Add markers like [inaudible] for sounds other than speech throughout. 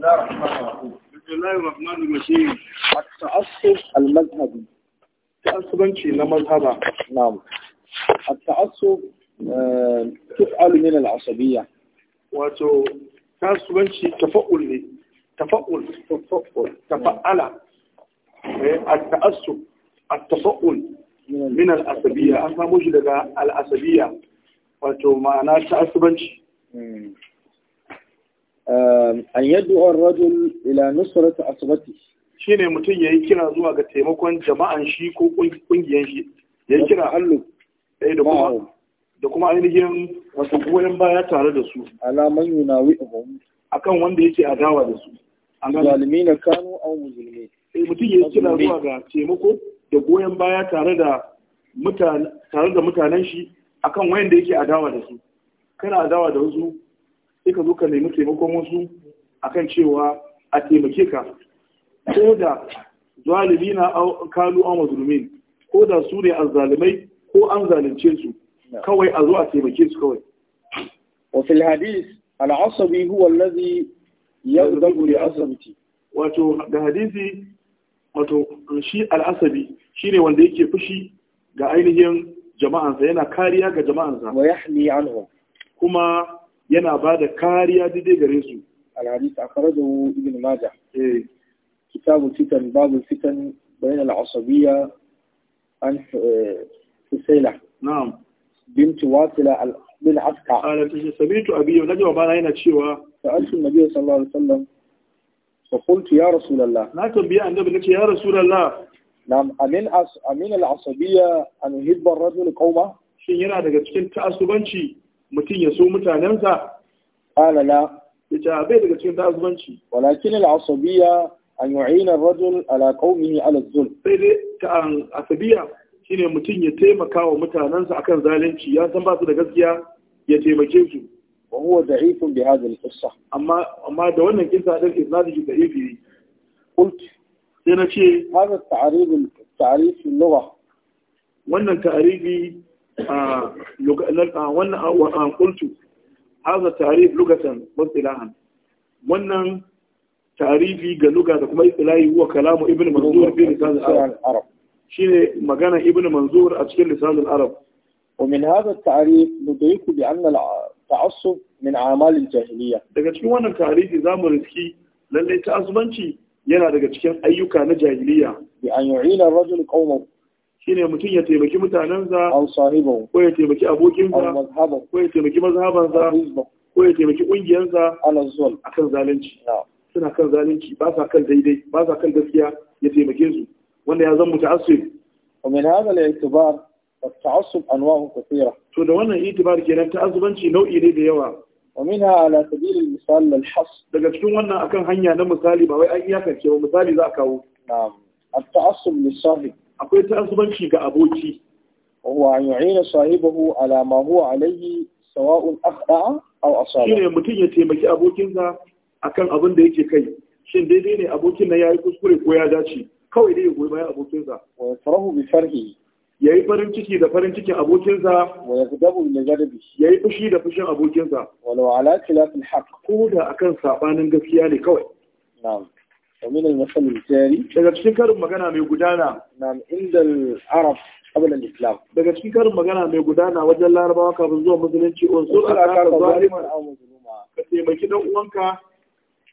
الله الرحمن الرحيم بسم الله الرحمن الرحيم التعصب المذهبي تعصبنشي لمذهبة نعم التعصب تفعل من العصبية wato kasuwanci tafa'ul ne tafa'ul tafa'ul tafa'ala at-ta'assub at-tafa'ul min al-asabiyya an samu shi daga al-asabiyya wato ma'ana ta'assubanci an yadda rajul ila nusrat asbati shine mutum yayi kira zuwa ga taimakon jama'an shi ko kungiyan shi yayi kira allu da kuma da kuma ainihin wasu goyon baya tare da su alaman yunawi'uhum akan wanda yake adawa da su an ga zalimina kanu aw muzlimin sai mutum yayi kira zuwa ga taimako da goyon baya tare da mutanen shi akan wanda yake adawa da su kana adawa da wasu sai ka zo ka nemi taimakon wasu akan cewa a taimake ka ko da zalimi na kalu an mazlumin ko da su ne azzalimai ko an zalunce su kawai a zo a taimake su kawai wa fil hadis al asabi huwa allazi yadhabu li asabti. wato da hadisi wato shi al asabi shine wanda yake fushi ga ainihin jama'ansa yana kariya ga jama'ansa wa yahni anhum kuma yana ba da kariya daidai gare su A al-hadith akhrajahu ibn majah eh kitabu fitan babu fitan bayan al-asabiyya an eh, fusaila na'am bint wasila bin aska ala tashi sabitu abi na jawa bana yana cewa sa'altu nabiyyi sallallahu alaihi wasallam fa qultu ya rasulullah na tambaye annabi nace ya rasulullah nam amin as amin al-asabiyya an yuhibba ar-rajul qauma shin yana daga cikin ta'assubanci mutum ya so mutanensa qala la yace bai daga cikin ta'azzubanci walakin al an yu'ina ar-rajul ala qaumihi ala zulm sai dai ta asabiya shine mutum ya taimaka wa mutanensa akan zalunci ya san ba su da gaskiya ya taimake su wa huwa da'ifun bi hadhihi al-qissa amma amma da wannan kisa din isnadu shi da'ifi ne qult sai na ce hadha at-ta'rif al-lugha wannan ta'rifi wannan kultu haza tarif lugatan wasilahan wannan tarifi ga luga da kuma istilahi huwa kalamu ibn manzur fi lisan al-arab shine magana ibn manzur a cikin lisan al-arab ومن هذا التعريف ندرك بأن التعصب من أعمال jahiliya. daga cikin wannan tarihi zamu riski lalle ta azubanci yana daga cikin ayyuka na jahiliya. bi an yu'ina rajul qaumahu Shi ne mutum ya taimaki mutanensa ko ya taimaki abokinsa ko ya taimaki mazhabansa ko ya taimaki ƙungiyarsa a kan zalunci suna kan zalunci ba sa kan daidai ba sa kan gaskiya ya taimake su wanda ya zama mutaassib ومن هذا الاعتبار التعصب انواع كثيره to da wannan itibar kenan ta'azzubanci nau'i ne da yawa ومنها على سبيل المثال للحص daga cikin wannan akan hanya na misali ba wai an iya iyakance ba misali za a kawo na'am التعصب للصاحب akwai ta'assubanci ga aboki wa yu'ina sahibahu ala ma huwa alayhi sawa'un akhda aw asaba shine mutum ya taimaki abokinsa akan abin da yake kai shin daidai ne abokin nan yayi kuskure ko ya dace kawai dai ya goyi bayan abokinsa wa farahu bi farhi yayi farin ciki da farin cikin abokinsa wa yaghdabu bi ghadabi yayi fushi da fushin abokinsa walau ala khilafil haqq ko da akan sabanin gaskiya ne kawai na'am ومن المثل الجاري daga cikin karin magana mai gudana nam wajen larabawa kafin zuwa musulunci on so ka ka ka taimaki dan uwanka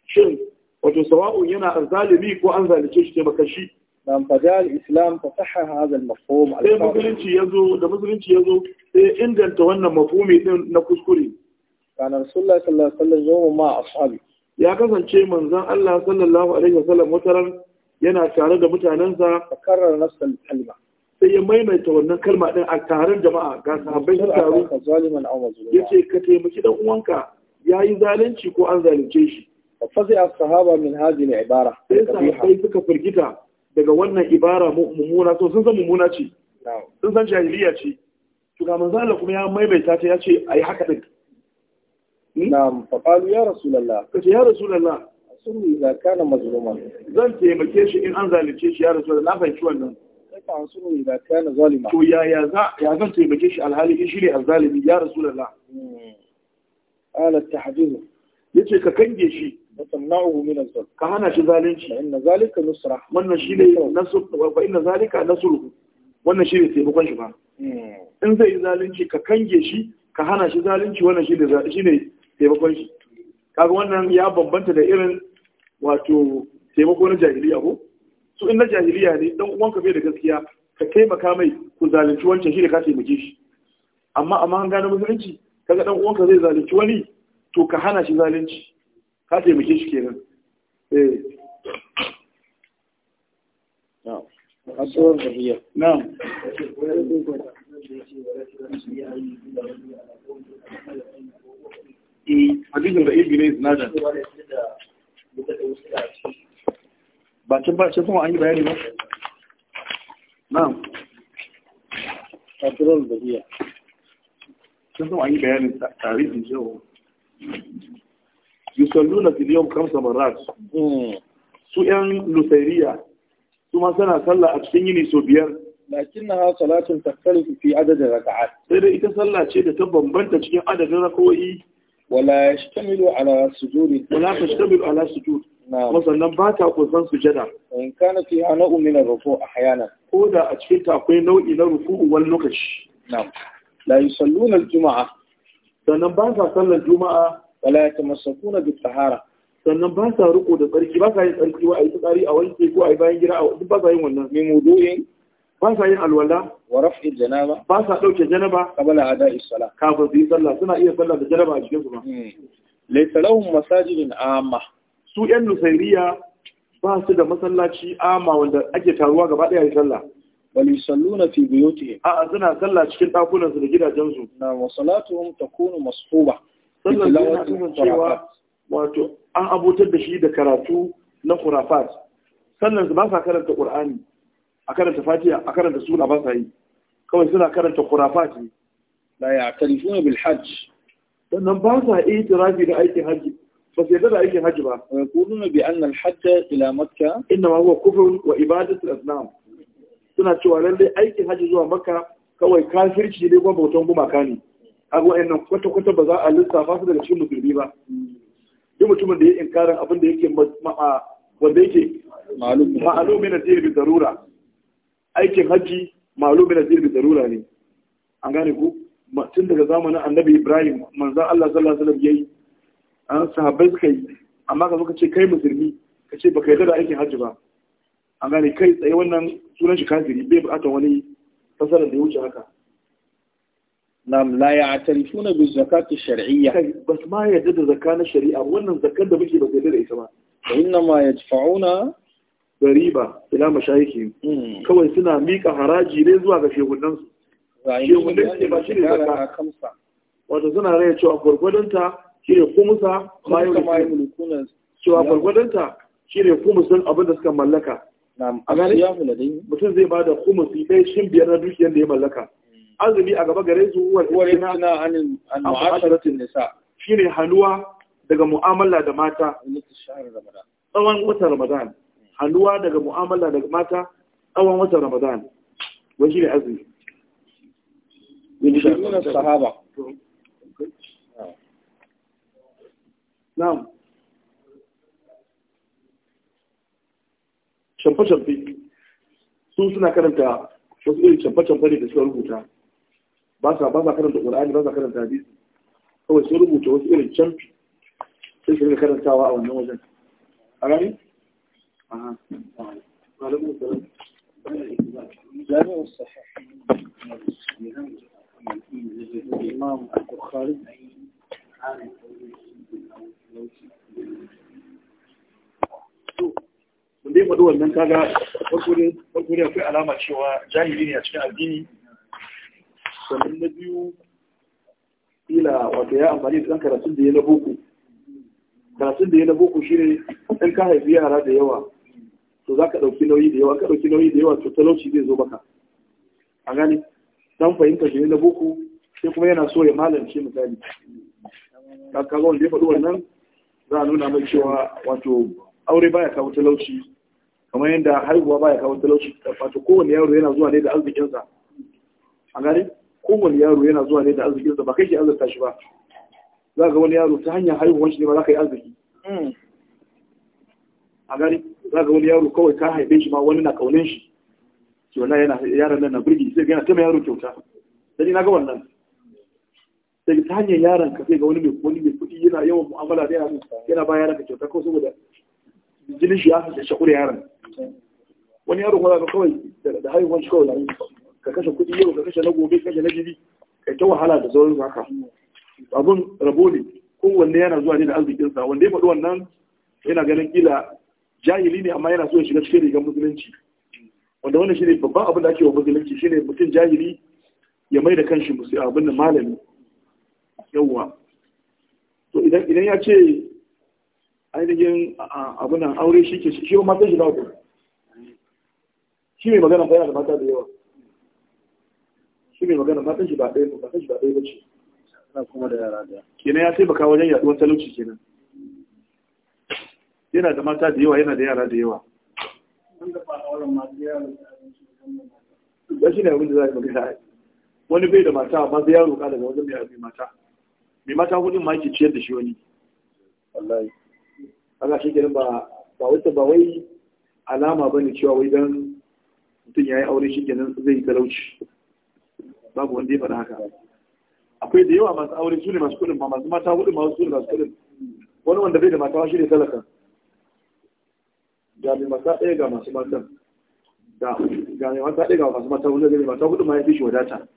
shin wato sawa'u yana azzalimi ko an zalice shi taimaka shi nam fadal islam sai musulunci yazo da musulunci yazo sai inganta wannan mafhumi ɗin na kuskure kana rasulullahi sallallahu alaihi wasallam yawma ma ashabi ya kasance manzon Allah sallallahu alaihi wasallam wataran yana tare da mutanensa a karar nasar kalma sai ya maimaita wannan kalma din a taron jama'a ga sahabbai sun taru ya ce ka taimaki dan uwanka ya yi zalunci ko an zalunce shi fasai a sahaba min hazin ibara sai sahabbai suka firgita daga wannan ibara mummuna so sun san mummuna ce sun san jahiliya ce to ga Allah kuma ya maimaita ta ya ce ai haka din Hmm? na'am fa qalu ya rasulullah kace ya rasulullah sunni idza kana zan taimake shi in an zalunce shi ya rasulullah na fahimci wannan kaifa ansuru idza kana zalima to ya ya zan taimake shi alhali shi ne azzalimi ya rasulullah hmm. ala tahdidu yace ka kange shi وتمنعه من الظلم كهنا شي ذالنشي فإن ذلك نصرة وانا شي نصر فإن ذلك نصره wannan shi ne taimakon shi ba hmm. in zai zalunci ka kange shi ka hana shi zalunci wannan shi ne taimakon shi kaga wannan ya bambanta da irin wato taimako na jahiliya ko su in na jahiliya ne dan uwanka bai da gaskiya ka taimaka mai ku zalunci wancan shi da ka taimake shi amma amma an gano musulunci kaga dan uwanka zai zalunci wani to ka hana shi zalunci ka taimake shi kenan na'am na'am hadisin da ibi ne sinadar bakin bakin kuma an yi bayani ba na'am tafiyar da iya sun kuma an yi bayanin tarihin jiwo yusallu na filiyon kamsa marat hmm. su yan lusairiya su ma suna sallah a cikin yini so biyar lakin na ha salatin tattalifi fi adadin raka'at sai dai ita sallah ce da ta bambanta cikin adadin raka'o'i wala يشتمل على سجود wala tashtamilu على سجود نعم ba ta kusan sujada in kana fi ana'u من الركوع احيانا كودا ko da a cikin الركوع nau'i na يصلون wani lokaci sannan ba sa sallar juma'a wala yatamassakuna bit tahara sannan ba sa riko da tsarki ba sa yin tsarki wa tsari a wanke ko bayan gida a ba sa yin wannan ba sa yin alwala wa raf'i janaba ba sa dauke janaba qabla ada'i salat kafin su yi sallah suna iya sallah da janaba a cikin su ba hmm. laysa lahum masajidun amma su yan nusairiya ba su da masallaci amma wanda ake taruwa gaba daya yi sallah bal yusalluna fi buyutihim a suna sallah cikin dakunan su da gidajen su na wa salatuhum takunu masfuba sallar yana nuna cewa wato an abotar da shi da karatu na khurafat sannan su ba sa karanta qur'ani a karanta fatiya a karanta suna ba sa yi kawai suna karanta kurafati la ya ya'tarifuna bil hajj sannan ba sa itirafi da aikin hajji ba su yarda da aikin hajji ba wa yaquluna bi anna al hajj ila makka inna huwa kufr wa ibadatu al asnam suna cewa lalle aikin hajji zuwa makka kawai kafirci ne kuma bautan gumaka ne kaga wayannan kwata kwata ba za a lissafa su daga cikin musulmi ba duk mutumin da ya inkarin abin da yake wanda yake ma'alumin da zai da darura aikin hajji malu na zirbi bi darura ne an gane ku tun daga zamanin annabi ibrahim manzan allah sallallahu alaihi wasallam yi an sahabbai suka yi amma ka zo ce kai musulmi ka ce baka yarda da aikin hajji ba an gane kai tsaye wannan sunan shi kafiri bai bukatar wani fasarar da ya wuce haka nam la ya'tarifuna bi zakati shar'iyya kai bas ma yarda da zakka shari'a wannan zakar da muke ba yarda da ita ba inna ma yadfa'una gariba ila mashayikhi hmm. kawai suna mika haraji ne zuwa ga shehunan su shehunan su ba shi ne zakka wato suna rai cewa gwargwadonta shi ne kumusa bayan cewa gwargwadonta shi ne kumusan abin da suka mallaka a gane mutum zai ba da kumusi ɗaya shi biyar na dukiyar da ya mallaka hmm. azumi a gaba gare su wani istina an mu'asharatin nisa shine hannuwa daga mu'amala da mata tsawon watan ramadan hannuwa daga mu'amala daga mata tsawon watan ramadan wani shi ne azumi yadda shi sahaba na'am camfe-camfe su suna karanta wasu irin camfe-camfe ne da suka rubuta ba sa karanta ƙur'ani ba sa karanta hadisi kawai sun rubuta wasu irin camfe sai su karantawa a wannan wajen a rani جامع dai wannan kaga farko dai akwai alama cewa jahili ne a cikin addini sannan na biyu ila wata ya amfani da ɗan karatun da ya na boko karatun da ya na boko shi ne ɗan ka haifi yara da yawa to za ka ɗauki nauyi da yawa ka ɗauki nauyi da yawa to talauci zai zo maka a gani dan fahimta shi na boko sai kuma yana so ya malance misali kaga wanda ya faɗi wannan za a nuna mai cewa wato aure baya kawo talauci kamar yadda haihuwa baya kawo talauci wato kowane yaro yana zuwa ne da arzikinsa a gani kowane yaro yana zuwa ne da arzikinsa ba kai ke arzikta shi ba za ga wani yaro ta hanyar haihuwan shi ne ba za ka yi arziki mm. a gani za ga wani yaro kawai ka haife shi ma wani na kaunin shi to na yana yaron nan na birgi sai ga yana taimaka yaro kyauta sai na ga wannan sai ta hanyar yaron ka sai ga wani mai wani mai kuɗi yana yawan mu'amala da yaron yana ba yaron ka kyauta kawai saboda jinin shi ya kure yaron wani yaro kuma za ka kawai da haihuwar shi kawai ka kashe kuɗi yau ka kashe na gobe ka kashe na jibi kai ta wahala da sauran haka abun rabo ne kowanne yana zuwa ne da arzikinsa wanda ya faɗi wannan yana ganin kila jahili ne amma yana so ya shiga cikin rigar musulunci wanda wannan shine babban abin da ake wa musulunci shine mutum jahili ya mai da kanshi musu abin da malami yawwa to idan idan ya ce ainihin abin nan aure shi ke shi ma sai shi ba shi mai magana ba yana da mata da yawa shi mai magana matan shi ba ɗaya ba matan shi ba ɗaya ba ce kuma da yara da kenan ya taimaka wajen yaduwar talauci kenan yana da mata da yawa yana da yara da yawa ba shi ne abin da za a ka magana wani bai da mata ba zai yaro ka daga wajen mai mata mai mata hudun ma yake ciyar da shi wani wallahi ana shi kenan ba ba wata ba wai alama ba ne cewa wai dan mutum ya yi aure shi kenan zai talauci babu wanda ya faɗa haka akwai da yawa masu aure su ne masu kuɗin ba masu mata hudun ma su ne masu kuɗin wani wanda bai da mata shi ne talaka jami'an ta ɗaya ga masu matan ga gani mata hudu ma ya fi shi wadata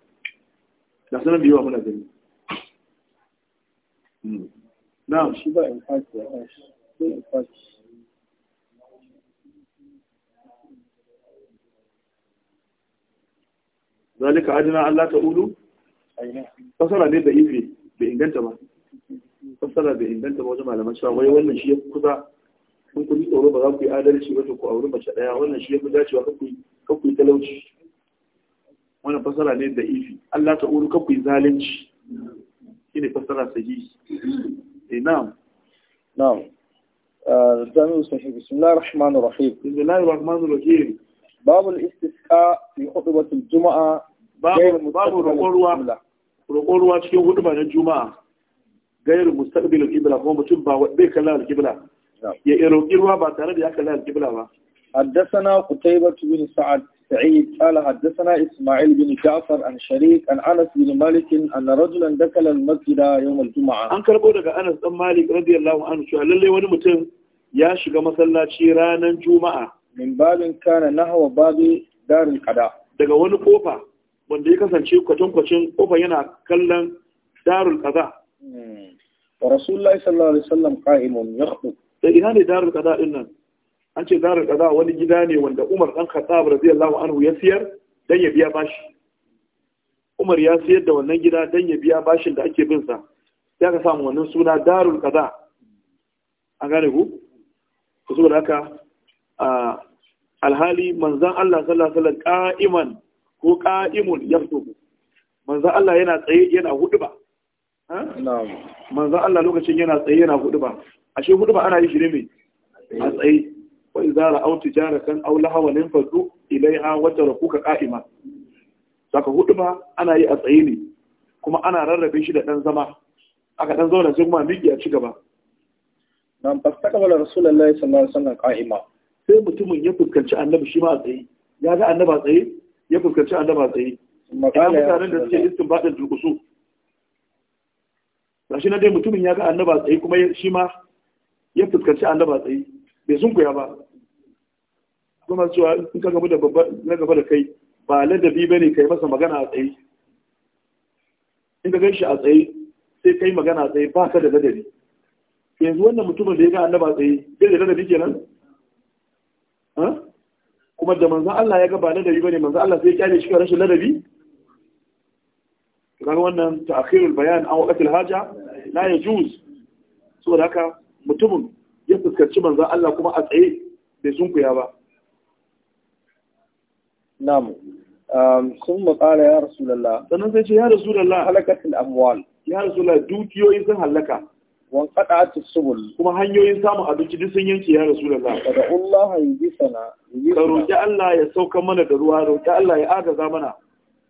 da sanar muna gani hmm. na shi in zalika adina Allah ulu fasara ne bai inganta ba fasara bai inganta shi ya kusa in kun yi tsoro ba za ku yi adalci ba to ku auri mace ɗaya wannan shi ya fi dacewa kan ku yi talauci wannan fasara ne da ifi Allah ta uru kan ku yi zalunci shi ne fasara sahihi eh na'am na'am ah, zanu sahih bismillahir rahmanir rahim bismillahir rahmanir rahim babul istisqa fi khutbatil juma'a babu babu roƙon ruwa cikin hudu na juma'a gairu mustaqbil qibla kuma mutum ba bai kallon al-qibla ya roƙi ruwa ba tare da ya kalli kibla ba. Haddasana Qutaybah bin Sa'ad Sa'id qala haddasana Isma'il bin Ja'far an Shariq an Anas bin Malik an rajulan dakala al-masjida yawm al An karbo daga Anas dan Malik radiyallahu anhu cewa lalle wani mutum ya shiga masallaci ranar Juma'a min babin kana nahwa babi darin qada. Daga wani kofa wanda ya kasance kwatankwacin kofa yana kallon darul qada. Wa Rasulullahi sallallahu alaihi wasallam qa'imun yakhutub. sai ina ne darul qada din nan an ce darul qada wani gida ne wanda Umar dan Khattab radiyallahu anhu ya siyar dan ya biya bashi Umar ya siyar da wannan gida dan ya biya bashin da ake bin sa sai ka samu wannan suna darul qada an gane ku to saboda haka alhali manzan Allah sallallahu alaihi wasallam qa'iman ko qa'imun yaftu manzan Allah yana tsaye yana hudu ba manzan Allah lokacin yana tsaye yana hudu ba ashe hudu ba ana yi shiri mai a tsaye wa idza ra'aw ne aw ilai ha wata wa ka ka'ima saka hudu ba ana yi a tsaye ne kuma ana rarrabe shi da dan zama aka dan zauna sai kuma miki a ci gaba nan fastaqbala rasulullahi sallallahu alaihi wasallam ka'ima sai mutumin ya fuskanci annabi shi ma a tsaye ya ga annaba tsaye ya fuskanci annaba tsaye ina mutanen da suke istin baɗin durƙusu gashi na dai mutumin ya ga annaba tsaye kuma shi ma ya fuskanci annaba tsaye bai sun kuya ba kuma cewa in ka gaba da na gaba da kai ba ladabi bane kai masa magana a tsaye in ka gan shi a tsaye sai kai magana a tsaye ba ka da ladabi yanzu wannan mutumin da ya ga annaba tsaye bai da ladabi kenan kuma da manzan Allah ya ga ba ladabi bane manzan Allah sai ya kyale shi kan rashin ladabi kaga wannan ta'khirul bayan an waqtil haja la yajuz saboda haka mutumin ya fuskanci manzan Allah kuma a tsaye bai sunkuya ba Namu, sun maƙala ya rasulallah sannan sai ce ya rasulallah halakatul amwal ya rasulallah dukiyoyi sun halaka wan su subul kuma hanyoyin samun abinci duk sun yanke ya lalla. kada Allah ya yi sana ka roƙi Allah ya sauka mana da ruwa roƙi Allah ya agaza mana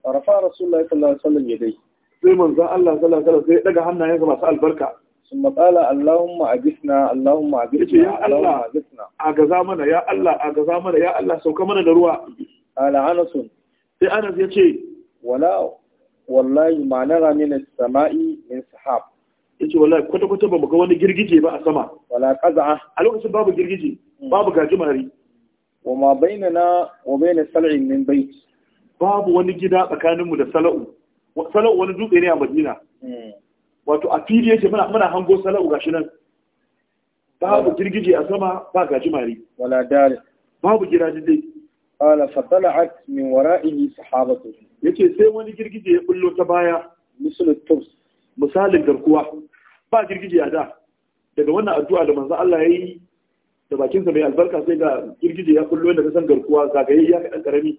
rafa rasulallah sallallahu alaihi Sallam ya dai sai manzan Allah sallallahu alaihi sai sai ɗaga hannayensa masu albarka ثم قال اللهم أجسنا اللهم أجسنا اللهم أجسنا أجزامنا يا الله أجزامنا يا الله سو كمان دروا قال أنس في أنس يتي ولا والله ما نرى من السماء من سحاب yace wallahi kwata kwata ba ga wani girgije ba a sama wala qaza a lokacin babu girgije babu gajimari wa ma bainana wa baina sal'in min bait babu wani gida tsakaninmu da sala'u sala'u wani dutse ne a Madina wato a fili yake muna hango sala'u gashi nan babu girgije a sama ba gajimare wala dare babu gidaje ala fatala ak min wara'ihi sahabatu yace sai wani girgije ya bullo ta baya misal tus misalin garkuwa ba girgije a da daga wannan addu'a da manzo Allah yayi da bakin sa mai albarka sai ga girgije ya bullo da san garkuwa zagaye ya kadan karami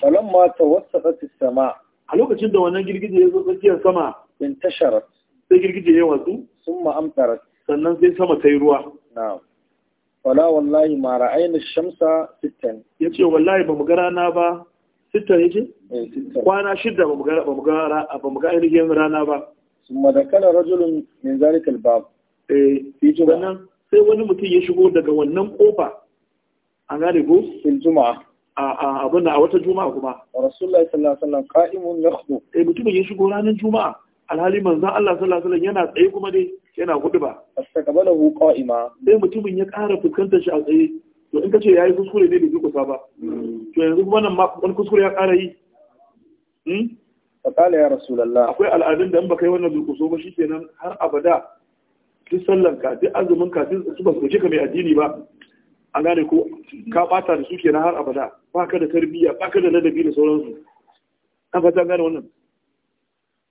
falamma tawassafat as-sama a lokacin da wannan girgije ya zo tsakiyar sama intasharat sai girgije ya watsu sun ma'amtara sannan sai sama ta yi ruwa wala wallahi ma ra'ayna shamsa sittan ce wallahi ba mu ga rana ba sittan ce? Eh, kwana shidda ba mu ga ba mu ga ba mu ga ainihin rana ba summa dakala rajulun min zalika albab eh yace wannan sai wani mutum ya shigo daga wannan kofa an gane ko sun juma a abin a wata juma'a kuma rasulullahi sallallahu alaihi wasallam qa'imun yakhdhu eh mutumin ya shigo ranar juma'a alhali manzon Allah sallallahu alaihi yana tsaye kuma dai yana hudu ba fastaqbalahu qa'ima sai mutumin ya ƙara fuskantar shi a tsaye to in kace yayi kuskure ne bai kusa ba to yanzu kuma nan ma wani kuskure ya ƙara yi hmm faqala ya rasulullah akwai al'adun da in baka yi wannan durkuso ba shikenan har abada duk sallanka duk azumin ka duk su ba su ka mai addini ba an gane ko ka bata da su kenan har abada ba ka da tarbiyya ba ka da ladabi da sauransu an fata gane wannan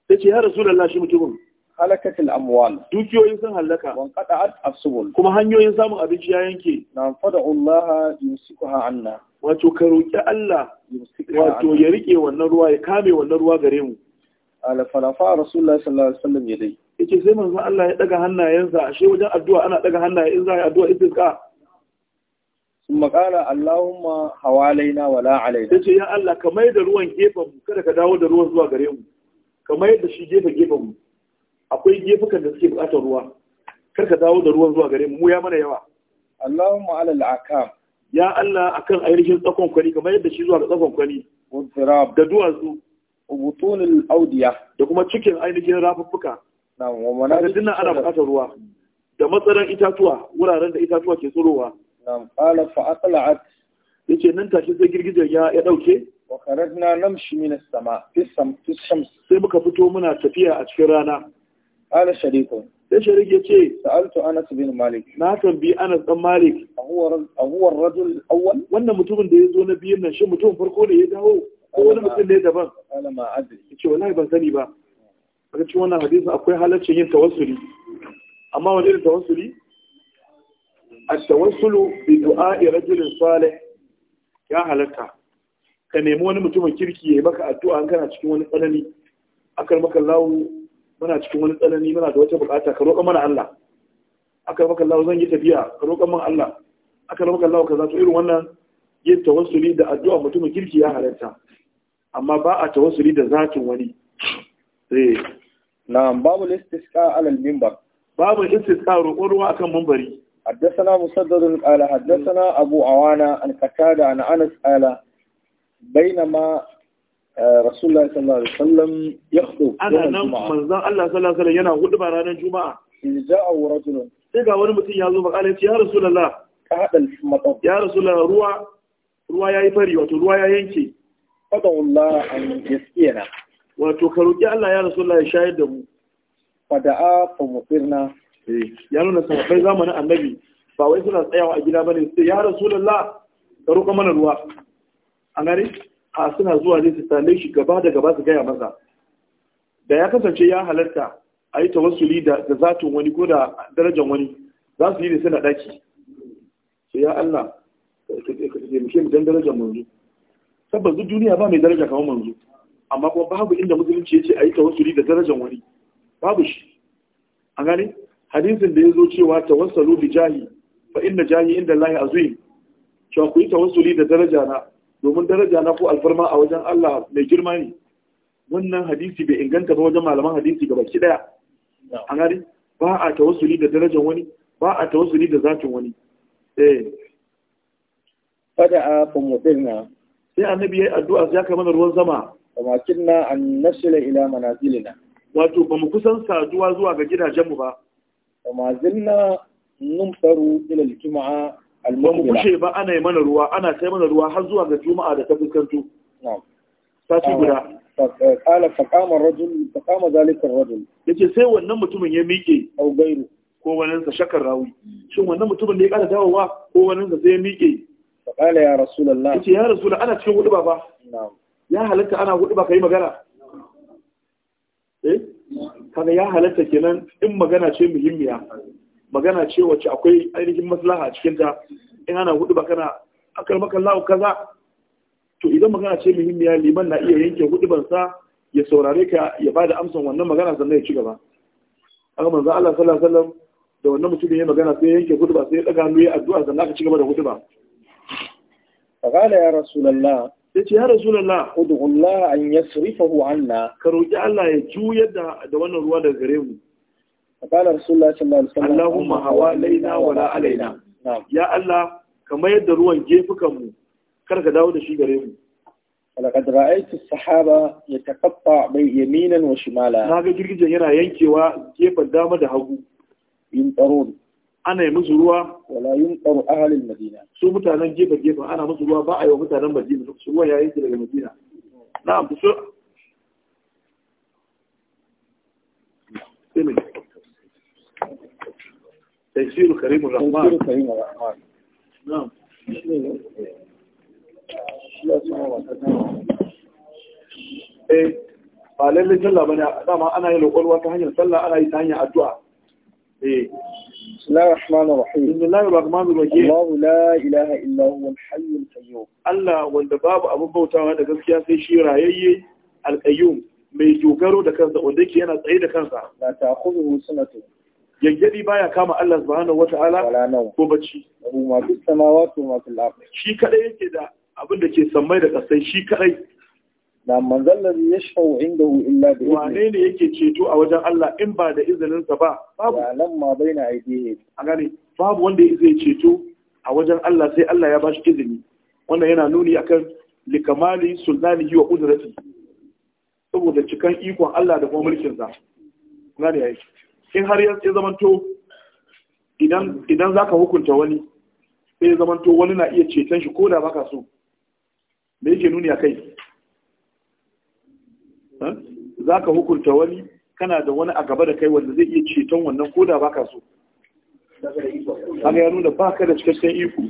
sai ce ya rasulullah shi mutumin halakat al-amwal dukiyoyin sun halaka wan qada'at as-subul kuma hanyoyin samun abinci ya yanke na fada Allah yusikuha anna wato ka roki Allah wato ya rike wannan ruwa ya kame wannan ruwa gare mu ala falafa rasulullah sallallahu alaihi wasallam yadai yace sai manzon Allah ya daga hannayensa ashe wajen addu'a ana daga hannaye in za a yi addu'a istisqa ثم قال اللهم حوالينا ولا علينا yace ya Allah ka mai da ruwan gefen mu kada ka dawo da ruwan zuwa gare mu kamar yadda shi gefe gefen mu akwai gefukan da suke bukatar ruwa kar ka dawo da ruwan zuwa gare mu ya mana yawa Allahumma ala al ya Allah akan ainihin tsakon kwani kamar yadda shi zuwa ga tsakon kwani da duwatsu butunul audiya da kuma cikin ainihin rafuffuka na dinna ana buƙatar ruwa da matsaran itatuwa wuraren da itatuwa ke tsurowa na qala fa aqla'at yace nan tashi sai girgizar ya ya dauke wa kharajna namshi min as-sama fi shams sai muka fito muna tafiya a cikin rana ala sharikun sai sharik ya ce sa'altu anas bin malik na tambayi anas dan malik a huwa rajul awwal wannan mutumin da ya zo na biyun nan shi mutumin farko ne ya dawo ko wani mutum ne daban ala ma adri ce wallahi ban sani ba kaga cikin wannan hadisi akwai halaccin yin tawassuli amma wani irin tawassuli at-tawassulu bi du'a'i rajulin salih ya halatta ka nemi wani mutumin kirki ya yi maka addu'a an kana cikin wani tsanani akar maka lawo muna cikin wani tsanani muna da wata bukata ka roƙa mana Allah akar maka lawo zan yi tafiya ka roƙa mana Allah akar maka lawo kaza to irin wannan yin tawassuli da addu'a mutumin kirki ya halarta amma ba a tawassuli da zatin wani eh na babu listiska alal minbar babu listiska roƙon ruwa akan minbari حدثنا مسدد قال حدثنا أبو عوانة عن قتادة عن أنس قال bainama rasulullahi sallallahu alaihi wasallam yakhdub ana nan manzon Allah sallallahu yana hudba ranar juma'a in ja'a rajulun sai ga wani mutum ya zo makala ya ce ya rasulullah ka hada matsaf ya rasulullah ruwa ruwa yayi fari wato ruwa ya yanke fadallah an yaskiyana wato ka roki Allah ya rasulullah ya shayar da mu fada'a fa mutirna ya nuna sahabbai zamanin annabi ba wai suna tsayawa a gida bane sai ya rasulullah ka roka mana ruwa A gane a suna zuwa ne su same shi gaba da gaba su gaya maza. da ya kasance ya halarta a yi tawassuli da zaton wani ko da darajar wani za su yi da suna ɗaki sai ya Allah ka taimake mu dan darajar manzo tabbas duk duniya ba mai daraja kamar manzo amma kuma babu inda musulunci ya ce a yi tawassuli da darajar wani babu shi A gani, hadisin da ya zo cewa tawassalu bi jahi fa inna jahi inda Allah azim cewa ku yi tawassuli da daraja na domin daraja na ko alfarma a wajen Allah mai girma ne wannan hadisi bai inganta ba wajen malaman hadisi gaba ki daya an gari ba a tawassuli da darajar wani ba a tawassuli da zatin wani eh fada a fumudirna sai annabi yayi addu'a ya kai mana ruwan sama amma kinna an nasila ila manazilina wato ba mu kusan saduwa zuwa ga gidajen mu ba amma zinna numfaru ila al-jum'a ba mu kushe ba ana yi mana ruwa ana sai mana ruwa har zuwa ga juma'a da ta fuskanto Sashi guda qala faqama rajul faqama zalika rajul ce sai wannan mutumin ya miƙe au gairu ko wannan sa shakar rawi shin wannan mutumin da ya ƙara dawowa ko wannan sa sai ya miƙe faqala ya rasulullah yace ya lalla. ana cikin huɗu, ba ya halatta ana huɗu, ba yi magana eh ya halatta kenan in magana ce muhimmiya magana ce wacce akwai ainihin maslaha a cikinta in ana hudu ba kana akal maka la'u kaza to idan magana ce muhimmiya liman na iya yanke hudu sa ya saurare ka ya bada amsan wannan magana sannan ya ci gaba aka manzo Allah sallallahu alaihi wasallam da wannan mutumin ya magana sai yanke hudu sai ya daga hannu ya addu'a sannan aka ci gaba da hudu ba faqala ya rasulullah yace ya rasulullah ud'u Allah an yasrifahu anna ka roki Allah ya juyar da wannan ruwa daga gare mu فقال رسول الله صلى الله عليه وسلم اللهم حوالينا ولا علينا يا الله كما يد ruwan gefukanmu kar ka dawo da shi gare mu لقد رأيت الصحابة يتقطع بين يمينا وشمالا ناغا جرجن yana yankewa gefen dama da hagu ana yi musu ruwa wala tsaro madina su mutanen gefe gefe ana musu ruwa ba a yi wa mutanen madina su ruwa ya yanke daga madina na'am تيسير كريم الرحمن تيسير كريم الرحمن eh ba lallai sallah bane dama ana yin roƙon ta hanyar sallah ana yi ta hanyar addu'a eh bismillahir rahmanir rahim bismillahir rahmanir rahim Allahu la ilaha illa Allah wanda babu abin bautawa da gaskiya sai shi rayayye al-qayyum mai dogaro da kansa wanda yake yana tsaye da kansa la ta'khudhuhu yayyadi baya kama Allah subhanahu wata'ala ko bacci kuma duk samawati ma fil ardh shi kadai yake da abin da ke sammai da kasai shi kadai na manzal ladhi yashfa'u indahu illa bi wane ne yake ceto a wajen Allah in ba da izinin sa ba babu alam ma baina aidihi a gane babu wanda zai ceto a wajen Allah sai Allah ya bashi izini wannan yana nuni akan likamali sultanihi wa qudratihi saboda cikan ikon Allah da kuma mulkin sa gane yayi in har ya to idan za ka hukunta wani sai ya to wani na iya ceton shi ko da baka so me yake nuni a kai za ka hukunta wani kana da wani a gaba da kai wanda zai iya ceton wannan ko da baka so haka ya nuna baka da cikakken iko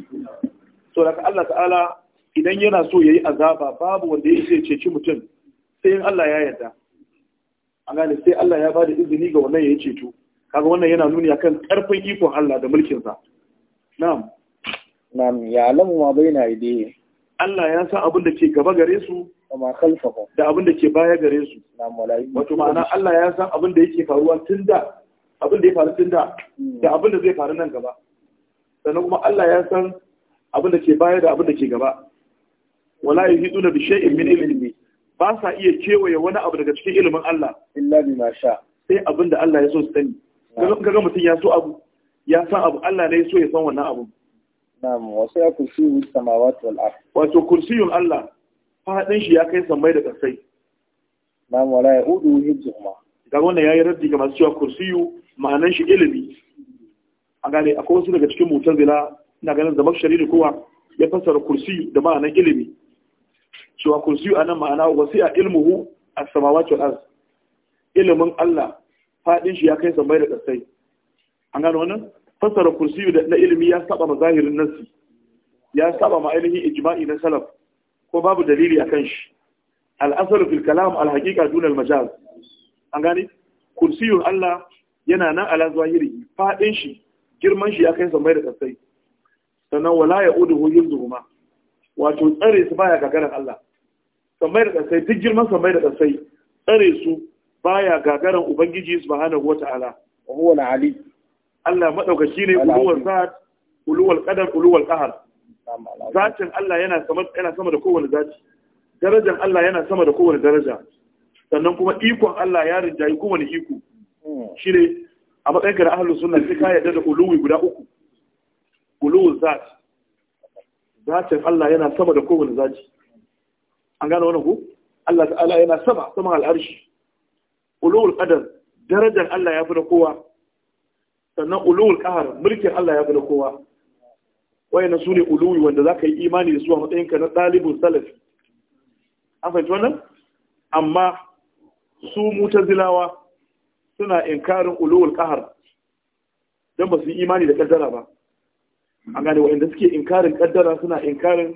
so daga Allah ta'ala idan yana so ya yi azaba babu wanda ya ce ceci mutum sai in Allah ya yarda an gane sai Allah ya bada izini ga wannan ya yi ceto kaga wannan yana nuni akan karfin ikon Allah da mulkin sa na'am na'am ya alamu ma baina idihi Allah ya san abin da ke gaba gare su da abin da ke baya gare su wato ma'ana Allah ya san abin da yake faruwa tun da abin da ya faru tun da hmm. da abin da zai faru nan gaba sannan kuma Allah ya san abin da ke baya da abin da ke gaba wala yuhiduna bi shay'in min ilmi ba sa iya kewaye wani abu daga cikin ilimin Allah illa ma sha sai abin da Allah ya so su sani kaga mutum ya so abu ya san abu Allah ne ya so ya san wannan abu na'am wasu ya kursiyu samawati wal ard wato kursiyun Allah fadin shi ya kai sammai da kasai na'am wala ya'udu hibzuhuma Ga wannan yayi raddi ga masu cewa kursiyu ma'anan shi ilimi an gane akwai wasu daga cikin mutazila ina ganin da makshari da kowa ya fassara kursiyu da ma'anan ilimi cewa kursiyu anan ma'ana wasi'a ilmuhu a samawati wal ard ilimin Allah faɗin shi ya kai sammai da ƙasai. an gano wannan fassara kursiyu na ilimi ya saba ma zahirin nasi, ya saba ma ainihin ijma'i na salaf ko babu dalili akan shi Al'asar asr fil kalam al-haqiqa dun al-majaz an gane kursiyun Allah yana nan ala zahiri faɗin shi girman shi ya kai sammai da ƙasai. sannan wala ya udu wato tsare su baya gagarar Allah sammai da ƙasai duk girman sammai da ƙasai tsare su baya gagaran ubangiji subhanahu wata'ala wa huwa al-ali Allah madaukaki ne uluwal zat uluwal qadar uluwal ƙahar. zatin Allah yana sama yana sama da kowane zati darajar Allah yana sama da kowane daraja sannan kuma ikon Allah ya rinjayi kowane iko hmm. shine a matsayin da ahlus sunna sai ka yarda da uluwi guda uku uluwul zat zatin Allah yana sama da kowane zati an gano wani ku Allah ta'ala yana sama saman al'arshi ulul qadar darajar Allah ya fi da kowa sannan ulul qahar mulkin Allah ya fi da kowa na sune uluwi wanda ka yi imani da su a matsayin ka na ɗalibin salafi an fahimci wannan amma su mutazilawa suna inkarin ulul qahar dan ba su yi imani da kaddara ba an gane wayanda suke inkarin kaddara suna inkarin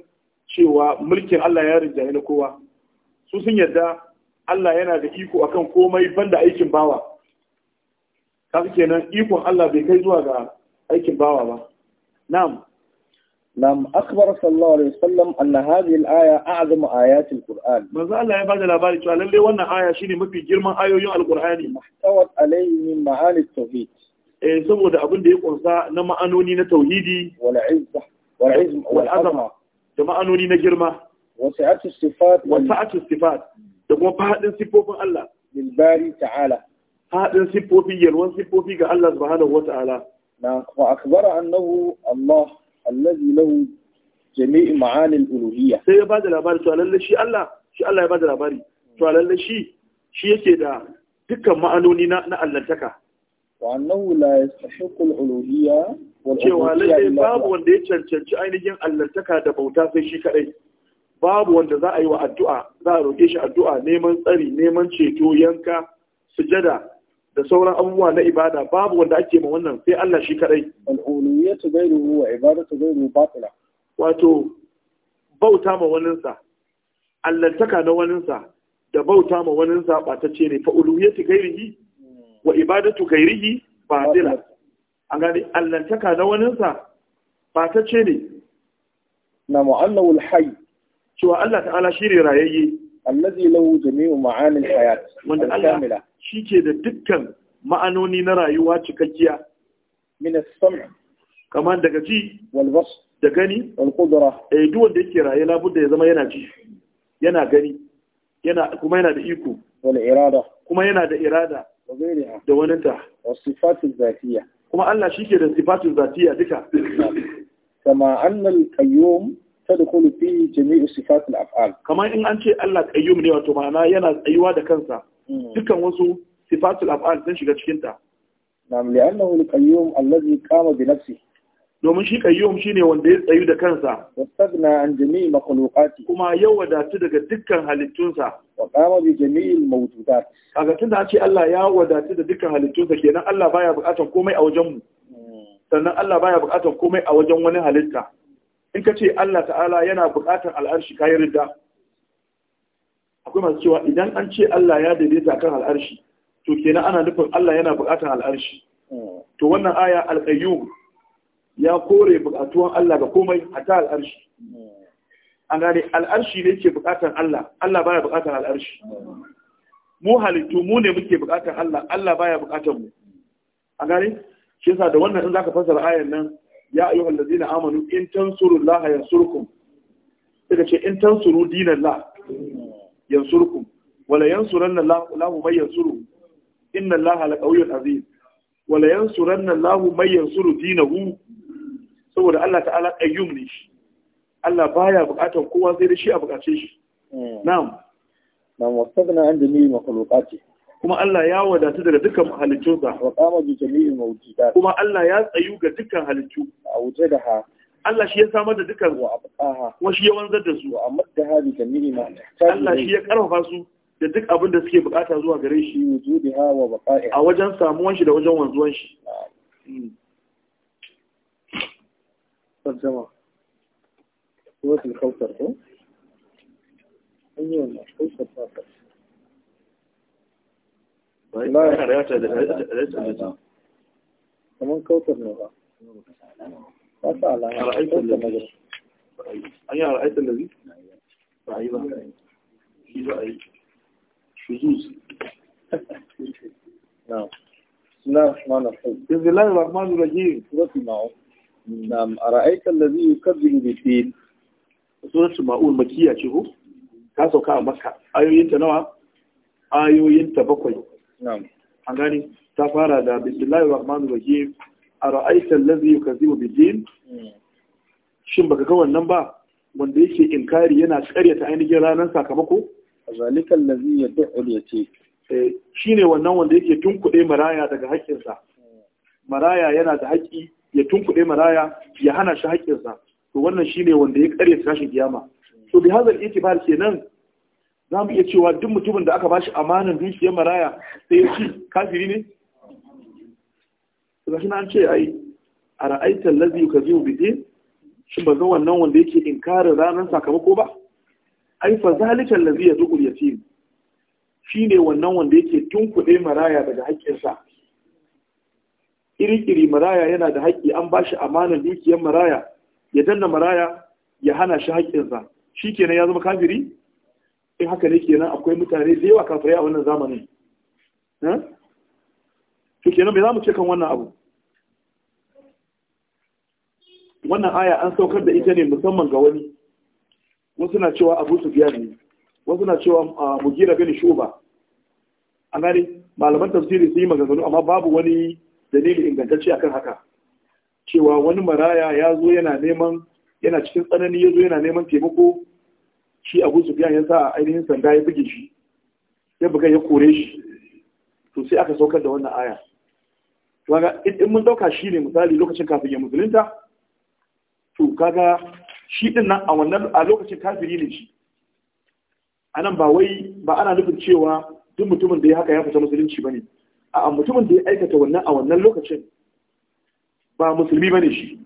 cewa mulkin Allah ya rinjaye na kowa su sun yadda Allah yana da iko akan komai banda aikin bawa kafin kenan ikon Allah bai kai zuwa ga aikin bawa ba na'am na'am akbar sallallahu alaihi wasallam anna hadhihi al-aya a'zamu Allah ya bada labari cewa lalle wannan aya shine mafi girman ayoyin al-qur'ani mahtawat alayhi min ma'ani at eh saboda abin da ya kunsa na ma'anoni na tauhidi wal da ma'anoni na girma وسعة الصفات وسعة الصفات da kuma fadin sifofin Allah lil bari ta'ala fadin sifofi yalwan sifofi ga Allah subhanahu wata'ala na kuma akbara annahu Allah allazi lahu jami'i ma'ani al-uluhiyya sai ya bada labari to lalle shi Allah shi Allah ya bada labari to lalle shi shi yake da dukkan ma'anoni na na allantaka wa annahu la yastahiqu cewa lalle babu wanda ya cancanci ainihin allantaka da bauta sai shi kadai babu wanda za a yi wa addu'a za a roƙe shi addu'a neman tsari neman ceto yanka sujada da sauran abubuwa na ibada babu wanda ake ma wannan sai Allah shi kadai al-uluhiyyatu ghayruhu wa ibadatu ghayruhu batila wato bauta ma waninsa allantaka na waninsa da bauta ma waninsa ce ne fa ta ghayrihi wa ibadatu ghairihi fadila an gane allantaka na waninsa ce ne na mu'allawul hayy cewa Allah ta'ala shi ne rayayye allazi lahu jami'u ma'anil hayat wanda Allah shi ke da dukkan ma'anoni na rayuwa cikakkiya min as-sam' kamar daga ji wal bas da gani wal qudrah eh duk wanda yake raye budda ya zama yana ji yana gani yana kuma yana da iko wal irada kuma yana da irada da waninta sifatun zatiya kuma Allah shi ke da sifatun zatiya duka kama annal qayyum tadkhulu fi jami'u sifatul af'al kamar in an ce Allah kayyum ne wato ma'ana yana tsayuwa da kansa hmm. dukkan wasu sifatul af'al sun shiga cikin ta nam li'annahu al-qayyum alladhi qama bi nafsihi domin shi kayyum shine wanda ya tsayu da kansa wastagna an jami'i makhluqati kuma ya wadatu daga dukkan halittunsa wa qama bi jami'il mawjudat kaga tunda an ce Allah ya wadatu da dukkan halittunsa kenan Allah baya buƙatar komai a wajen mu sannan Allah baya buƙatar komai a wajen wani halitta in ka ce Allah ta'ala yana buƙatar al'arshi kayi ridda akwai masu cewa idan an ce Allah ya daidaita kan al'arshi to kenan ana nufin Allah yana buƙatar al'arshi hmm. to wannan aya al-qayyum ya kore bukatuwan Allah ga komai ta al'arshi an gane al'arshi ne ke bukatan Allah Allah baya bukatan al'arshi mu halittu mu ne muke bukatan Allah Allah baya bukatan mu an gane shi sa da wannan in zaka fasara ayan nan ya ayyuhal ladzina amanu in ya surkum. daga ce in tansuru ya surkum. wala na yansuranna Allahu in na inna Allaha laqawiyyun aziz wala na Lahu mai may dina dinahu saboda Allah ta'ala qayyum ne shi Allah baya bukatar kowa sai da shi a bukace shi hmm. na'am na'am wastagna an jami'i makhluqati kuma Allah ya wadatu daga dukkan ba wa qama bi jami'i mawjudat kuma Allah ya tsayu ga dukkan halittu a wuce da ha Allah shi ya samar da dukkan wa abqaha kuma shi ya wanzar da su amma da ha jami'i ma Allah shi ya karfafa su da duk abin da suke bukata zuwa gare shi wa a wajen samuwan shi da wajen wanzuwan shi hmm. ترجمة سورة الكوثر هو أيوة الكوثر فاطر طيب، كمان كوثر نوغا أسأل رأيت الذي أي رأيت الذي رأيبا رأي شذوذ [laughs] نعم بسم الله الرحمن الرحيم بسم الله الرحمن الرحيم سورة المعروف نعم ارايت الذي يكذب بالدين din ماؤول ma'un makiyya ce ko ta sauka a makka ayoyin nawa ayoyin bakwai تا فارا دا ta fara da الرحيم ارايت الذي يكذب بالدين shin baka ga wannan ba wanda yake inkari yana karyata ainihin ranar sakamako zalika allazi yad'u yatim eh shine wannan wanda yake tunkuɗe maraya daga hakkinsa maraya yana da haƙƙi ya tunkuɗe maraya ya hana shi haƙƙinsa to wannan shi ne wanda ya ƙare tashin kiyama to bi ba ke nan? za mu iya cewa duk mutumin da aka ba shi amanan dukiyar maraya sai ya ci kafiri ne? Ga shi na an ce ai, a ra'aitar lazi ka biyu biɗe, shi ba zan wannan wanda yake inkarin ranar sakamako ba? Ai, fa zalikan lazi ya zuƙul ya Shi ne wannan wanda yake tunkuɗe maraya daga haƙƙinsa. iri-iri maraya yana da haƙƙi an bashi amanar dukiyar maraya ya danna maraya ya hana shi haƙƙinsa shi kenan ya zama kafiri in haka ne kenan akwai mutane da yawa kafirai a wannan zamanin eh? to kenan bai za mu ce kan wannan abu wannan aya an saukar da ita ne musamman ga wani wasu na cewa abu su biya ne wasu na cewa ah, mugira gani shuba a gani malaman tafsiri sun yi maganganu amma babu wani dalili ingantacce akan haka cewa wani maraya ya zo yana neman yana cikin tsanani ya zo yana neman taimako shi abu su ya sa a ainihin sanda ya buge shi ya buga ya kore shi to sai aka saukar da wannan aya kaga in mun dauka shi ne misali lokacin kafin ya musulunta to kaga shi din nan a wannan a lokacin kafiri ne shi anan ba wai ba ana nufin cewa duk mutumin da ya haka ya fita musulunci bane a mutumin da ya aikata wannan a wannan lokacin ba musulmi ba ne shi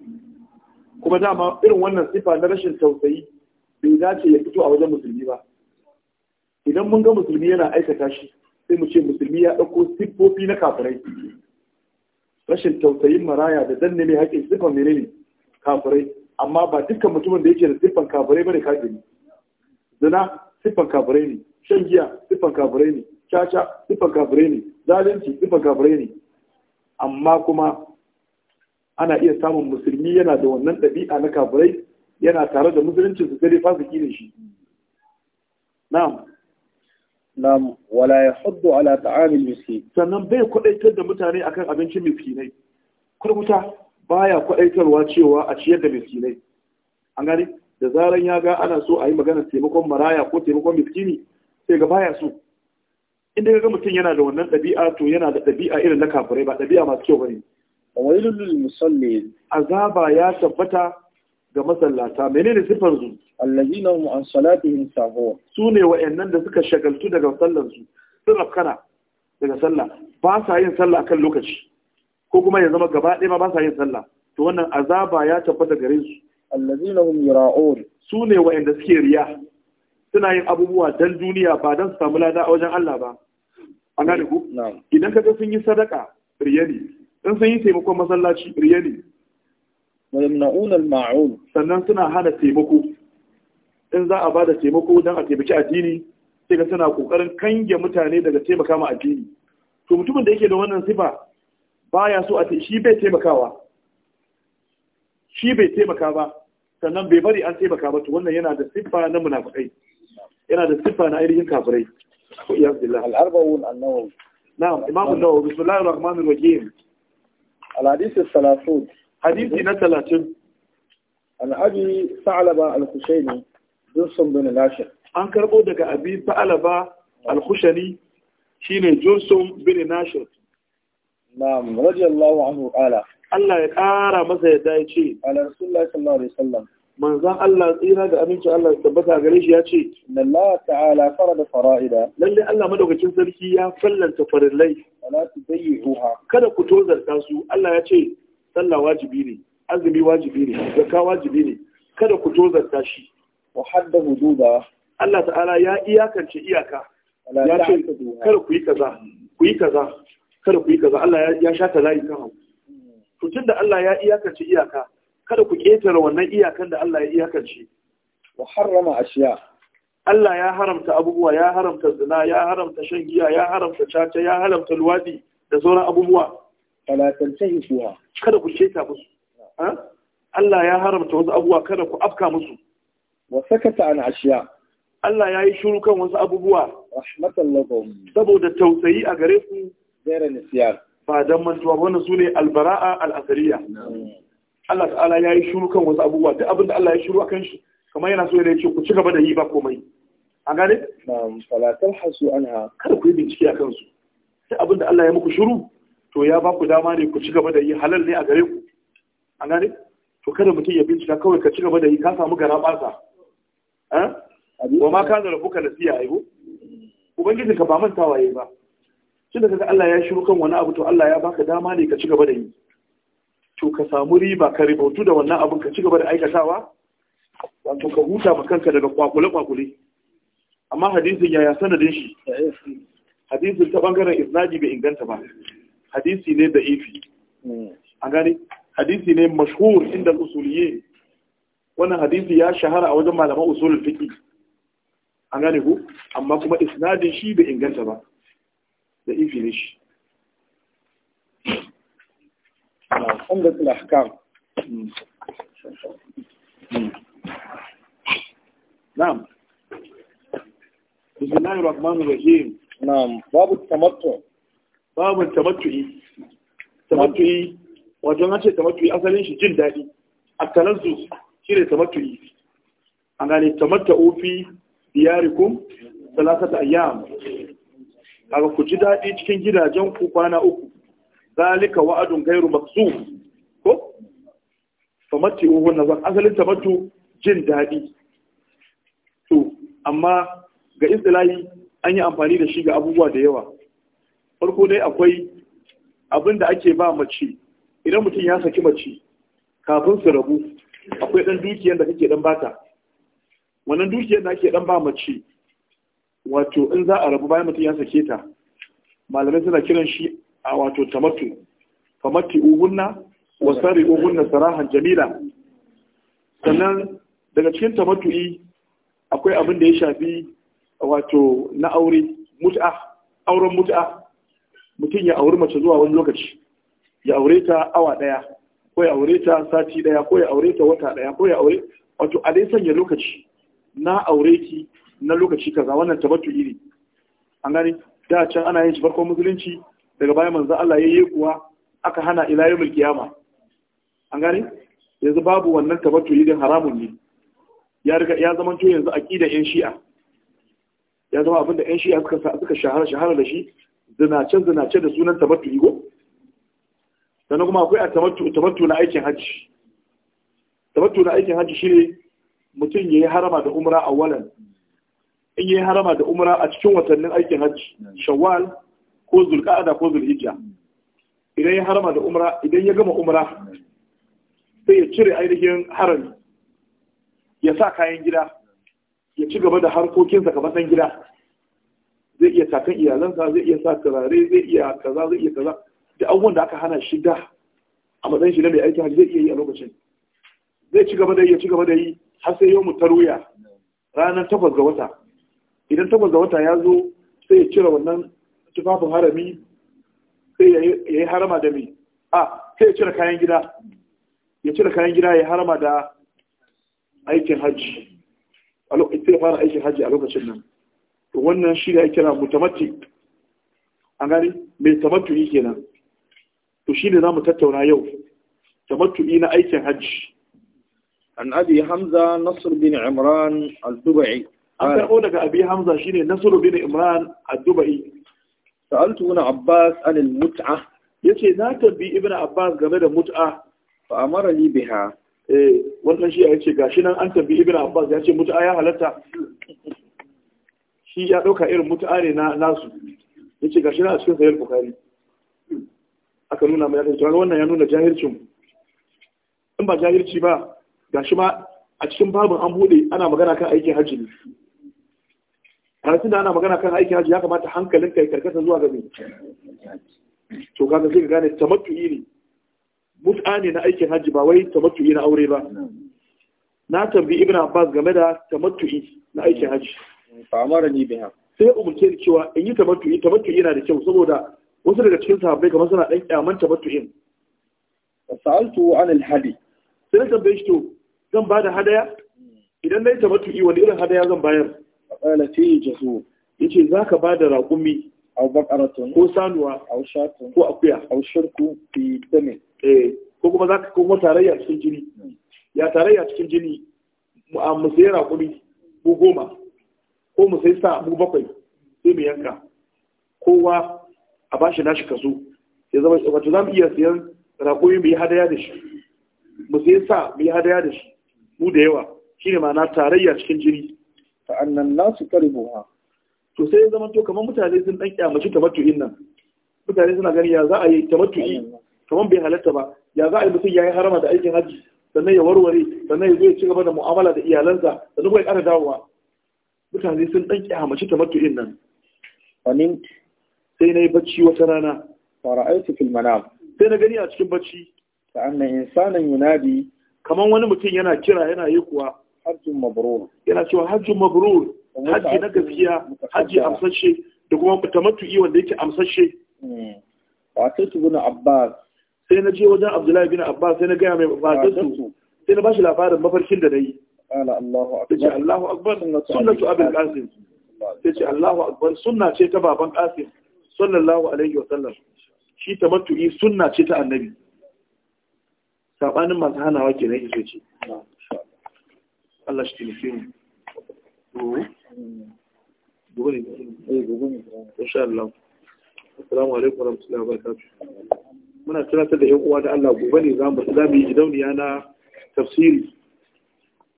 kuma dama irin wannan sifa na rashin tausayi bai dace ya fito a wajen musulmi ba idan mun ga musulmi yana aikata shi sai mu ce musulmi ya ɗauko siffofi na kafirai rashin tausayin maraya da danne mai haƙƙin siffan ne kafirai amma ba dukkan mutumin da yake da siffan kafirai ne kafiri zina siffan kafirai ne shan giya siffan kafirai ne caca ifa kafirai ne zalunci ifa kafirai ne amma kuma ana iya samun musulmi yana da wannan ɗabi'a na kafirai yana tare da musulunci su sai fasiki ne shi na'am na'am wala yahuddu ala ta'amil miskin sannan bai kwadaitar da mutane akan abincin miskinai kurkuta baya kwadaitarwa cewa a ciyar da miskinai an gani da zaran ya ga ana so a yi maganar taimakon maraya ko taimakon miskini sai ga baya so inda ga mutum yana da wannan ɗabi'a to yana da ɗabi'a irin na kafirai ba ɗabi'a masu kyau bane wailul lil musallin azaba ya tabbata ga masallata menene sifar su allazina hum an salatihim sahun sune wa'annan da suka shagaltu daga sallar su sun rafkana daga sallah ba sa yin sallah kan lokaci ko kuma ya zama gaba ɗaya ma ba sa yin sallah to wannan azaba ya tabbata gare su allazina hum yura'un sune wa'anda suke riya suna yin abubuwa don duniya ba don su samu lada a wajen Allah ba an gane ku idan ga sun yi sadaka riya ne in sun yi taimakon masallaci riya ne ويمنعون ma'un. sannan suna hana taimako in za a ba da taimako don a taimaki addini sai ga suna kokarin kange mutane daga taimaka ma addini to mutumin da yake da wannan sifa baya so a shi bai taimakawa shi bai taimaka ba sannan bai bari an taimaka ba to wannan yana da siffa na munafikai yana da siffa na ainihin kafirai ko iyaz billah al-arba'un na'am imam an bismillahir rahmanir rahim al-hadith as hadisi na talatin. an abi sa'laba al-khushaini dusun bin lashir an karbo daga abi sa'laba al-khushani shine jursum bin nashir na'am radiyallahu anhu ala Allah ya kara masa yadda ya ce manzan Allah tsira da aminci Allah tabbata gare shi ya ce Allah ta'ala farada fara'ida lalle Allah madaukakin sarki ya fallanta farillai wala tudayyi'uha kada ku tozarta su Allah ya ce sallah wajibi ne azumi wajibi ne zakka wajibi ne kada ku tozarta shi wa hadda hududa Allah ta'ala ya iyakance iyaka ya ce kada ku yi kaza ku yi kaza kada ku yi kaza Allah ya shata layi kan hmm. to tunda Allah ya iyakance iyaka kada ku ƙetare wannan iyakan da Allah ya iyakance wa harrama ashiya Allah ya haramta abubuwa ya haramta zina ya haramta shan giya ya haramta caca ya haramta luwadi da sauran abubuwa fala tantahi suha kada ku keta musu Allah ya haramta wasu abubuwa kada ku afka musu wa sakata an ashiya Allah ya yi shiru kan wasu abubuwa rahmatan lahum saboda tausayi a gare su gaira nisyan ba don mantuwa wannan sune albara'a al-asariya Allah ta'ala ya yi shuru kan wasu abubuwa duk abin da Allah ya shuru a kan shi kamar yana so ya ce ku ci gaba da yi ba komai a gane na'am falatar hasu ana kada ku yi bincike a kansu duk abin da Allah ya muku shuru to ya ba ku dama ne ku ci gaba da yi halal ne a gare ku a gane to kada mutum ya bincika kawai ka ci gaba da yi ka samu gara ɓata eh? wa ma ka zara buka nasiya aibu ubangiji ka ba mantawa yayi ba shi da kaga Allah ya shiru kan wani abu to Allah ya baka dama ne ka ci gaba da yi to ka samu riba ka ribautu da wannan abin ka ci gaba da aikatawa wato ka huta ma kanka daga kwakule kwakule amma hadisin yaya sanadin shi hadisin ta bangaren isnadi bai inganta ba hadisi ne da ifi A gani. hadisi ne mashhur inda usuliyye wannan hadisi ya shahara a wajen malaman usulul fiqh an gani ku amma kuma isnadin shi bai inganta ba da ifi ne shi عمدة الأحكام نعم بسم ce tamattuyi asalin shi jin daɗi a talanzu shi ne tamattuyi a gane tamatta ofi diyarikum salasata ayyam kaga ku ji daɗi cikin gidajen ku kwana uku zalika wa'adun غير مكذوب ko famatti uhun nazar asalin tamattu jin daɗi to amma ga istilahi an yi amfani da shi ga abubuwa da yawa farko dai akwai abin da ake ba mace idan mutum ya saki mace kafin su rabu akwai dan dukiyar da kake dan bata wannan dukiyar da ake dan ba mace wato in za a rabu bayan mutum ya sake ta malamai suna kiran shi a wato tamattu famatti uhunna wa sari uhunna sarahan jamila sannan daga cikin tamattu'i akwai abin da ya shafi wato na aure mut'a auren mut'a mutum ya auri mace zuwa wani lokaci ya aure ta awa daya ko ya aure ta sati daya ko ya aure ta wata daya ko ya aure wato a dai sanya lokaci na aure ki na lokaci kaza wannan tabattu'i ne an gani da can ana yin shi farkon musulunci daga baya manzo Allah ya yi kuwa aka hana ila yawmil qiyama an gani yanzu babu wannan tabattuyi din haramun ne ya riga ya zama to yanzu aqida yan shi'a ya zama abin da yan shi'a suka suka shahara shahara da shi zinace zinace da sunan yi go? sannan kuma akwai a tabattu tabattu na aikin hajji tabattu na aikin hajji shine mutum yayi harama da umra awalan in yayi harama da umra a cikin watannin aikin hajji shawwal ko zulqa'ada ko zulhijja idan ya harama da umra idan ya gama umra sai ya cire ainihin harami ya sa kayan gida ya ci gaba da harkokinsa kamar ɗan gida zai iya takan iyalansa zai iya sa turare zai iya kaza zai iya kaza da abubuwan da aka hana shi a matsayin shi na mai aikin hajji zai iya yi a lokacin zai ci gaba da yi ya ci gaba da yi har sai yau mu tarwiya ranar takwas ga wata idan takwas ga wata ya zo sai ya cire wannan tufafin harami sai ya yi harama da mai a sai ya cire kayan gida ya cire kayan gida ya harama da aikin hajji a lokacin sai fara aikin hajji a lokacin nan to wannan shi da ya kira mutamatti an gani mai tamattu'i kenan to shi ne za mu tattauna yau tamattu'i na aikin hajji an abi hamza nasr bin imran al-dubai an karɓo daga abi hamza shine nasr bin imran al-dubai sa'altu ibn Abbas anil mut'a ce na tambi ibina Abbas game da mut'a fa mara ni biya. wannan shi ya ce ga shi nan an tambi ibina Abbas ya ce mut'a ya halatta shi ya ɗauka irin mut'a ne na nasu Ya ga gashi nan a cikin sayar bukari aka nuna mai yakin tunan wannan ya nuna jahilcin in ba jahilci ba shi ma a cikin babin an bude ana magana kan aikin hajji ne karatun da ana magana kan aikin hajji ya kamata hankalin kai karkata zuwa ga mai to kaga sai ka gane tamattu'i ne mut'a ne na aikin hajji ba wai tamattu'i na aure ba na tambayi ibn abbas game da tamattu'i na aikin hajji fa amara ni biha sai umurce ni cewa in yi tamattu'i tamattu'i yana da kyau saboda wasu daga cikin sahabbai kamar suna dan kyaman tamattu'in sa'altu an al-hadi sai na tambaye shi to zan bada hadaya idan nayi tamattu'i wani irin hadaya zan bayar qala fi jazur yace zaka bada raƙumi a baqaratun ko sanuwa a shatun ko akuya a shirku fi dami eh ko kuma zaka ko kuma tarayya cikin jini ya tarayya cikin jini mu sai raƙumi ko goma ko mu sai sa mu bakwai sai mu yanka kowa a bashi nashi kaso ya zama wato za mu iya siyan raƙumi mu yi hadaya da shi mu sai sa mu yi hadaya da shi mu da yawa shine na tarayya cikin jini fa annan nasu karibuha to sai zama to kamar mutane sun dan kyamaci tamattu'in nan mutane suna gani ya za a yi tamattu'i kamar bai halatta ba ya za a yi mutum ya yi harama da aikin haji sannan ya warware sannan ya zo ya ci gaba da mu'amala da iyalansa sannan kuma ya ƙara dawowa mutane sun dan kyamaci tamattu'in nan wani sai na yi bacci wata rana fara aiki fil manam sai na gani a cikin bacci ta annan insanan yunadi kamar wani mutum yana kira yana yi kuwa hajjin mabrur yana cewa hajjin mabrur hajji na gaskiya hajji amsashe da kuma tamattu'i wanda yake amsashe hmm. fatatu bin abbas sai na je wajen abdullahi bin abbas sai na gaya mai fatatu sai na bashi labarin mafarkin da nayi ala allahu akbar sai allahu akbar sunnatu abul qasim sai ce allahu akbar sunna ce ta baban qasim sallallahu alaihi wa sallam shi tamattu'i sunna ce ta annabi sabanin masu hanawa kenan yake ce Allah shi taimake mu gobe ne eh, gobe ne insha Allah assalamu alaikum warahmatullahi wabarakatuh muna tunatar da yan uwa da Allah gobe ne za mu za mu yi gidauniya na tafsiri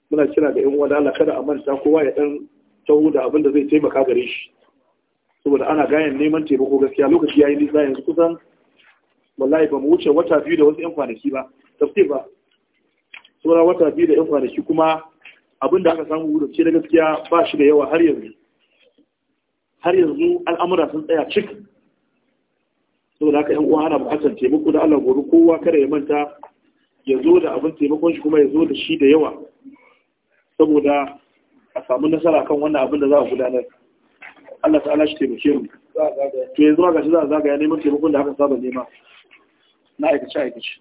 muna kira da yan uwa da Allah kada a manta kowa ya ɗan taho da abin da zai taimaka gare shi saboda ana gayan neman taimako gaskiya lokaci Ya yi nisa yanzu kusan wallahi ba mu wuce wata biyu da wasu yan kwanaki ba tafsir ba saura wata biyu da yan kwanaki kuma abin da aka samu ce na gaskiya ba shi da yawa har yanzu har yanzu al'amura sun tsaya cik saboda haka yan uwa ana bukatar taimako da Allah gobe kowa kada ya manta ya zo da abin taimakon shi kuma ya zo da shi da yawa saboda a samu nasara kan wannan abin da za a gudanar Allah ta'ala shi taimake mu to yanzu ga shi za a zagaya neman taimakon da aka saba nema na aikace aikace